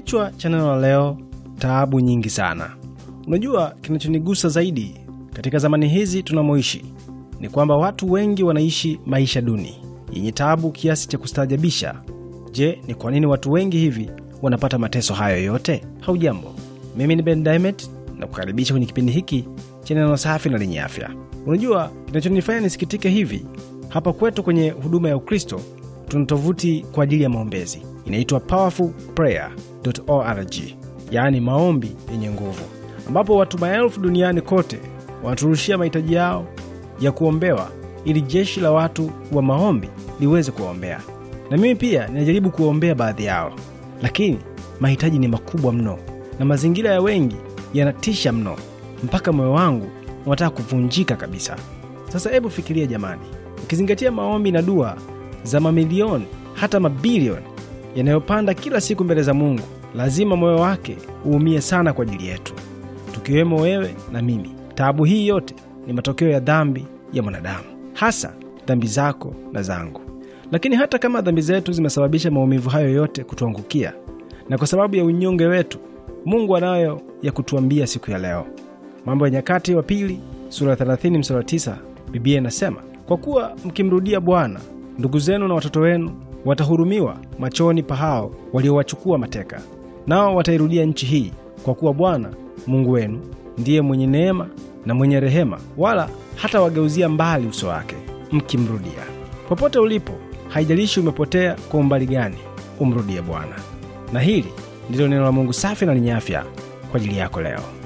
Kichwa cha neno la leo: taabu nyingi sana. Unajua, kinachonigusa zaidi katika zamani hizi tunamoishi ni kwamba watu wengi wanaishi maisha duni yenye taabu kiasi cha kustaajabisha. Je, ni kwa nini watu wengi hivi wanapata mateso hayo yote? Haujambo, mimi ni Ben dimet na kukaribisha kwenye kipindi hiki cha neno safi na lenye afya. Unajua, kinachonifanya nisikitike hivi hapa kwetu kwenye huduma ya Ukristo tuna tovuti kwa ajili ya maombezi inaitwa powerfulprayer.org, yaani maombi yenye nguvu, ambapo watu maelfu duniani kote wanaturushia mahitaji yao ya kuombewa ili jeshi la watu wa maombi liweze kuwaombea. Na mimi pia ninajaribu kuwaombea baadhi yao, lakini mahitaji ni makubwa mno na mazingira ya wengi yanatisha mno, mpaka moyo wangu unataka kuvunjika kabisa. Sasa hebu fikiria jamani, ukizingatia maombi na dua za mamilioni hata mabilioni yanayopanda kila siku mbele za Mungu, lazima moyo wake uumie sana kwa ajili yetu, tukiwemo wewe na mimi. Taabu hii yote ni matokeo ya dhambi ya mwanadamu, hasa dhambi zako na zangu. Lakini hata kama dhambi zetu zimesababisha maumivu hayo yote kutuangukia, na kwa sababu ya unyonge wetu, Mungu anayo ya kutuambia siku ya leo. Mambo ya Nyakati wa Pili sura 30 mstari 9, Biblia inasema, kwa kuwa mkimrudia Bwana ndugu zenu na watoto wenu watahurumiwa machoni pa hao waliowachukua mateka, nao watairudia nchi hii, kwa kuwa Bwana Mungu wenu ndiye mwenye neema na mwenye rehema, wala hata wageuzia mbali uso wake mkimrudia. Popote ulipo, haijalishi umepotea kwa umbali gani, umrudie Bwana. Na hili ndilo neno la Mungu safi na lenye afya kwa ajili yako leo.